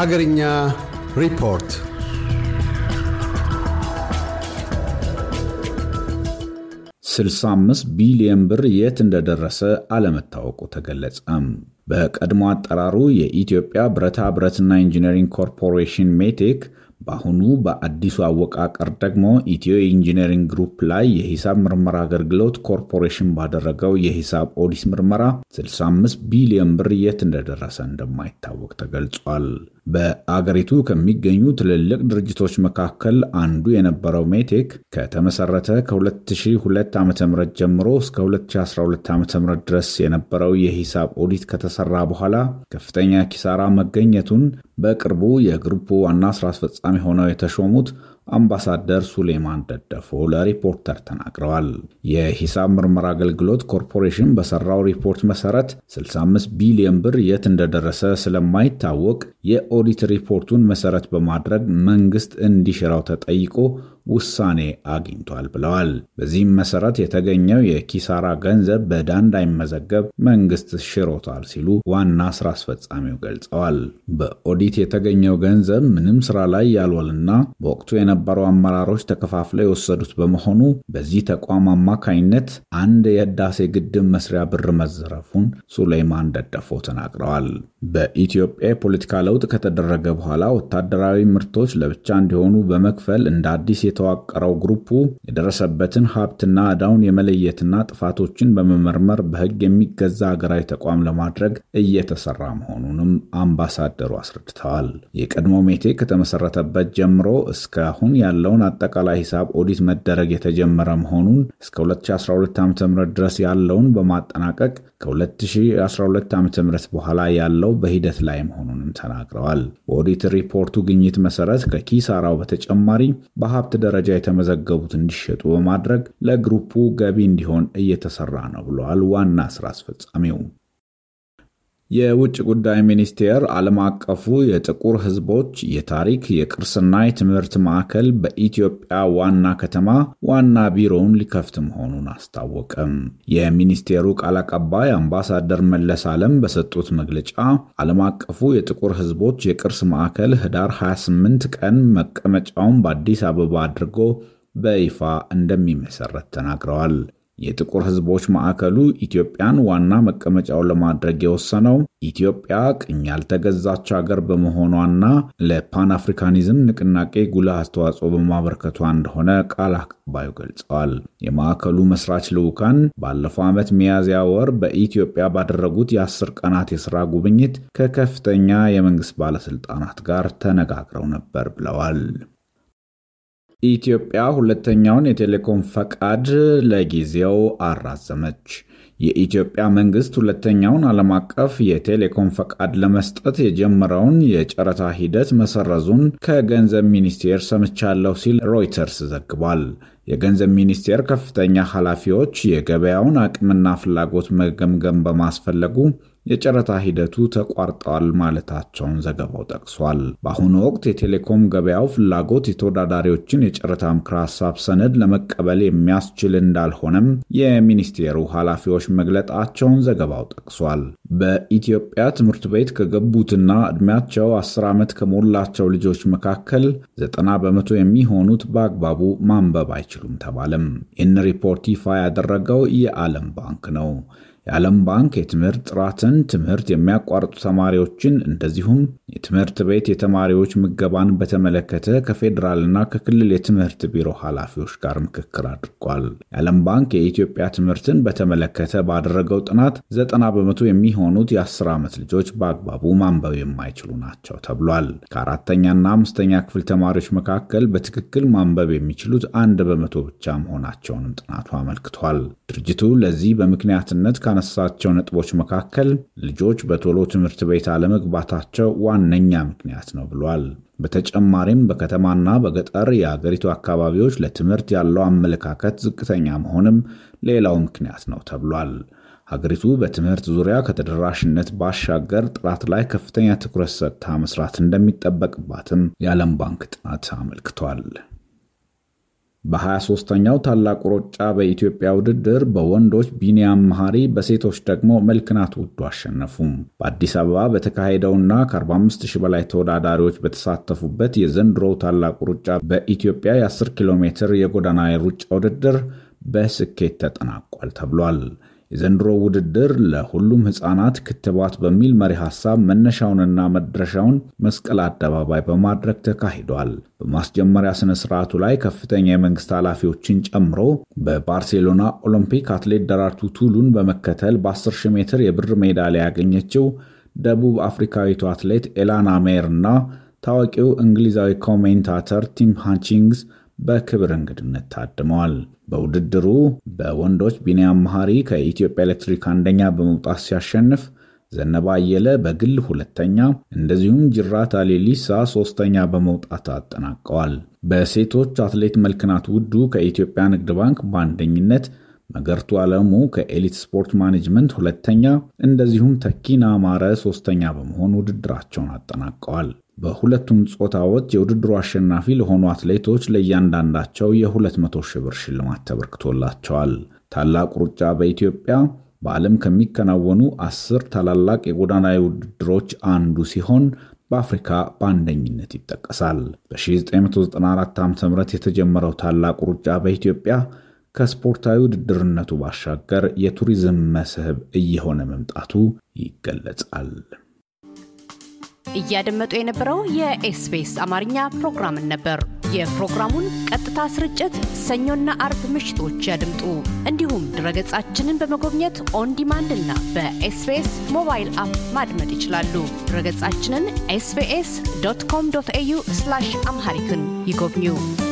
ሀገርኛ ሪፖርት ስልሳ አምስት ቢሊዮን ብር የት እንደደረሰ አለመታወቁ ተገለጸ። በቀድሞ አጠራሩ የኢትዮጵያ ብረታ ብረትና ኢንጂነሪንግ ኮርፖሬሽን ሜቴክ በአሁኑ በአዲሱ አወቃቀር ደግሞ ኢትዮ ኢንጂነሪንግ ግሩፕ ላይ የሂሳብ ምርመራ አገልግሎት ኮርፖሬሽን ባደረገው የሂሳብ ኦዲስ ምርመራ 65 ቢሊዮን ብር የት እንደደረሰ እንደማይታወቅ ተገልጿል። በአገሪቱ ከሚገኙ ትልልቅ ድርጅቶች መካከል አንዱ የነበረው ሜቴክ ከተመሰረተ ከ2002 ዓ ም ጀምሮ እስከ 2012 ዓ ም ድረስ የነበረው የሂሳብ ኦዲት ከተሰራ በኋላ ከፍተኛ ኪሳራ መገኘቱን በቅርቡ የግሩፑ ዋና ስራ አስፈጻሚ ሆነው የተሾሙት አምባሳደር ሱሌማን ደደፎ ለሪፖርተር ተናግረዋል። የሂሳብ ምርመራ አገልግሎት ኮርፖሬሽን በሰራው ሪፖርት መሰረት 65 ቢሊዮን ብር የት እንደደረሰ ስለማይታወቅ የኦዲት ሪፖርቱን መሰረት በማድረግ መንግስት እንዲሽራው ተጠይቆ ውሳኔ አግኝቷል ብለዋል። በዚህም መሰረት የተገኘው የኪሳራ ገንዘብ በዕዳ እንዳይመዘገብ መንግስት ሽሮታል ሲሉ ዋና ስራ አስፈጻሚው ገልጸዋል። በኦዲት የተገኘው ገንዘብ ምንም ስራ ላይ ያልዋልና በወቅቱ የነበሩ አመራሮች ተከፋፍለው የወሰዱት በመሆኑ በዚህ ተቋም አማካኝነት አንድ የህዳሴ ግድብ መስሪያ ብር መዘረፉን ሱሌይማን ደደፎ ተናግረዋል። በኢትዮጵያ የፖለቲካ ለውጥ ከተደረገ በኋላ ወታደራዊ ምርቶች ለብቻ እንዲሆኑ በመክፈል እንደ አዲስ የተዋቀረው ግሩፑ የደረሰበትን ሀብትና ዕዳውን የመለየትና ጥፋቶችን በመመርመር በሕግ የሚገዛ ሀገራዊ ተቋም ለማድረግ እየተሰራ መሆኑንም አምባሳደሩ አስረድተዋል። የቀድሞ ሜቴ ከተመሰረተበት ጀምሮ እስካሁን ያለውን አጠቃላይ ሂሳብ ኦዲት መደረግ የተጀመረ መሆኑን እስከ 2012 ዓ ም ድረስ ያለውን በማጠናቀቅ ከ2012 ዓ ም በኋላ ያለው በሂደት ላይ መሆኑንም ተናግረዋል። በኦዲት ሪፖርቱ ግኝት መሰረት ከኪሳራው በተጨማሪ በሀብት ደረጃ የተመዘገቡት እንዲሸጡ በማድረግ ለግሩፑ ገቢ እንዲሆን እየተሰራ ነው ብለዋል ዋና ስራ አስፈጻሚው። የውጭ ጉዳይ ሚኒስቴር ዓለም አቀፉ የጥቁር ሕዝቦች የታሪክ የቅርስና የትምህርት ማዕከል በኢትዮጵያ ዋና ከተማ ዋና ቢሮውን ሊከፍት መሆኑን አስታወቀም። የሚኒስቴሩ ቃል አቀባይ አምባሳደር መለስ ዓለም በሰጡት መግለጫ ዓለም አቀፉ የጥቁር ሕዝቦች የቅርስ ማዕከል ህዳር 28 ቀን መቀመጫውን በአዲስ አበባ አድርጎ በይፋ እንደሚመሰረት ተናግረዋል። የጥቁር ሕዝቦች ማዕከሉ ኢትዮጵያን ዋና መቀመጫው ለማድረግ የወሰነው ኢትዮጵያ ቅኝ ያልተገዛች ሀገር በመሆኗና ለፓን አፍሪካኒዝም ንቅናቄ ጉልህ አስተዋጽኦ በማበርከቷ እንደሆነ ቃል አቀባዩ ገልጸዋል። የማዕከሉ መስራች ልዑካን ባለፈው ዓመት ሚያዝያ ወር በኢትዮጵያ ባደረጉት የአስር ቀናት የሥራ ጉብኝት ከከፍተኛ የመንግሥት ባለሥልጣናት ጋር ተነጋግረው ነበር ብለዋል። ኢትዮጵያ ሁለተኛውን የቴሌኮም ፈቃድ ለጊዜው አራዘመች። የኢትዮጵያ መንግስት ሁለተኛውን ዓለም አቀፍ የቴሌኮም ፈቃድ ለመስጠት የጀመረውን የጨረታ ሂደት መሰረዙን ከገንዘብ ሚኒስቴር ሰምቻለሁ ሲል ሮይተርስ ዘግቧል። የገንዘብ ሚኒስቴር ከፍተኛ ኃላፊዎች የገበያውን አቅምና ፍላጎት መገምገም በማስፈለጉ የጨረታ ሂደቱ ተቋርጠዋል ማለታቸውን ዘገባው ጠቅሷል። በአሁኑ ወቅት የቴሌኮም ገበያው ፍላጎት የተወዳዳሪዎችን የጨረታ ምክረ ሀሳብ ሰነድ ለመቀበል የሚያስችል እንዳልሆነም የሚኒስቴሩ ኃላፊዎች መግለጣቸውን ዘገባው ጠቅሷል። በኢትዮጵያ ትምህርት ቤት ከገቡትና ዕድሜያቸው 10 ዓመት ከሞላቸው ልጆች መካከል 90 በመቶ የሚሆኑት በአግባቡ ማንበብ አይችሉም ተባለም። ይህን ሪፖርት ይፋ ያደረገው የዓለም ባንክ ነው። የዓለም ባንክ የትምህርት ጥራትን፣ ትምህርት የሚያቋርጡ ተማሪዎችን እንደዚሁም የትምህርት ቤት የተማሪዎች ምገባን በተመለከተ ከፌዴራልና ከክልል የትምህርት ቢሮ ኃላፊዎች ጋር ምክክር አድርጓል። የዓለም ባንክ የኢትዮጵያ ትምህርትን በተመለከተ ባደረገው ጥናት ዘጠና በመቶ የሚሆኑት የአስር ዓመት ልጆች በአግባቡ ማንበብ የማይችሉ ናቸው ተብሏል። ከአራተኛና አምስተኛ ክፍል ተማሪዎች መካከል በትክክል ማንበብ የሚችሉት አንድ በመቶ ብቻ መሆናቸውንም ጥናቱ አመልክቷል። ድርጅቱ ለዚህ በምክንያትነት ካነሳቸው ነጥቦች መካከል ልጆች በቶሎ ትምህርት ቤት አለመግባታቸው ዋነኛ ምክንያት ነው ብሏል። በተጨማሪም በከተማና በገጠር የአገሪቱ አካባቢዎች ለትምህርት ያለው አመለካከት ዝቅተኛ መሆንም ሌላው ምክንያት ነው ተብሏል። ሀገሪቱ በትምህርት ዙሪያ ከተደራሽነት ባሻገር ጥራት ላይ ከፍተኛ ትኩረት ሰጥታ መስራት እንደሚጠበቅባትም የዓለም ባንክ ጥናት አመልክቷል። በ23ኛው ታላቁ ሩጫ በኢትዮጵያ ውድድር በወንዶች ቢኒያም መሐሪ፣ በሴቶች ደግሞ መልክናት ውዱ አሸነፉም። በአዲስ አበባ በተካሄደውና ከ45000 በላይ ተወዳዳሪዎች በተሳተፉበት የዘንድሮው ታላቁ ሩጫ በኢትዮጵያ የ10 ኪሎ ሜትር የጎዳና ሩጫ ውድድር በስኬት ተጠናቋል ተብሏል። የዘንድሮ ውድድር ለሁሉም ሕፃናት ክትባት በሚል መሪ ሐሳብ መነሻውንና መድረሻውን መስቀል አደባባይ በማድረግ ተካሂዷል። በማስጀመሪያ ሥነ ሥርዓቱ ላይ ከፍተኛ የመንግስት ኃላፊዎችን ጨምሮ በባርሴሎና ኦሎምፒክ አትሌት ደራርቱ ቱሉን በመከተል በ10 ሺህ ሜትር የብር ሜዳሊያ ያገኘችው ደቡብ አፍሪካዊቱ አትሌት ኤላና ሜር እና ታዋቂው እንግሊዛዊ ኮሜንታተር ቲም ሃንቺንግስ በክብር እንግድነት ታድመዋል። በውድድሩ በወንዶች ቢንያም መሐሪ ከኢትዮጵያ ኤሌክትሪክ አንደኛ በመውጣት ሲያሸንፍ ዘነባ አየለ በግል ሁለተኛ፣ እንደዚሁም ጅራት አሌሊሳ ሶስተኛ በመውጣት አጠናቀዋል። በሴቶች አትሌት መልክናት ውዱ ከኢትዮጵያ ንግድ ባንክ በአንደኝነት መገርቱ አለሙ ከኤሊት ስፖርት ማኔጅመንት ሁለተኛ፣ እንደዚሁም ተኪና አማረ ሶስተኛ በመሆን ውድድራቸውን አጠናቀዋል። በሁለቱም ጾታዎች የውድድሩ አሸናፊ ለሆኑ አትሌቶች ለእያንዳንዳቸው የ200 ሺህ ብር ሽልማት ተበርክቶላቸዋል። ታላቁ ሩጫ በኢትዮጵያ በዓለም ከሚከናወኑ አስር ታላላቅ የጎዳና ውድድሮች አንዱ ሲሆን በአፍሪካ በአንደኝነት ይጠቀሳል። በ1994 ዓ.ም የተጀመረው ታላቁ ሩጫ በኢትዮጵያ ከስፖርታዊ ውድድርነቱ ባሻገር የቱሪዝም መስህብ እየሆነ መምጣቱ ይገለጻል። እያደመጡ የነበረው የኤስቢኤስ አማርኛ ፕሮግራምን ነበር። የፕሮግራሙን ቀጥታ ስርጭት ሰኞና አርብ ምሽቶች ያድምጡ። እንዲሁም ድረገጻችንን በመጎብኘት ኦን ዲማንድ እና በኤስቢኤስ ሞባይል አፕ ማድመጥ ይችላሉ። ድረገጻችንን ኤስቢኤስ ዶት ኮም ዶት ኤዩ አምሃሪክን ይጎብኙ።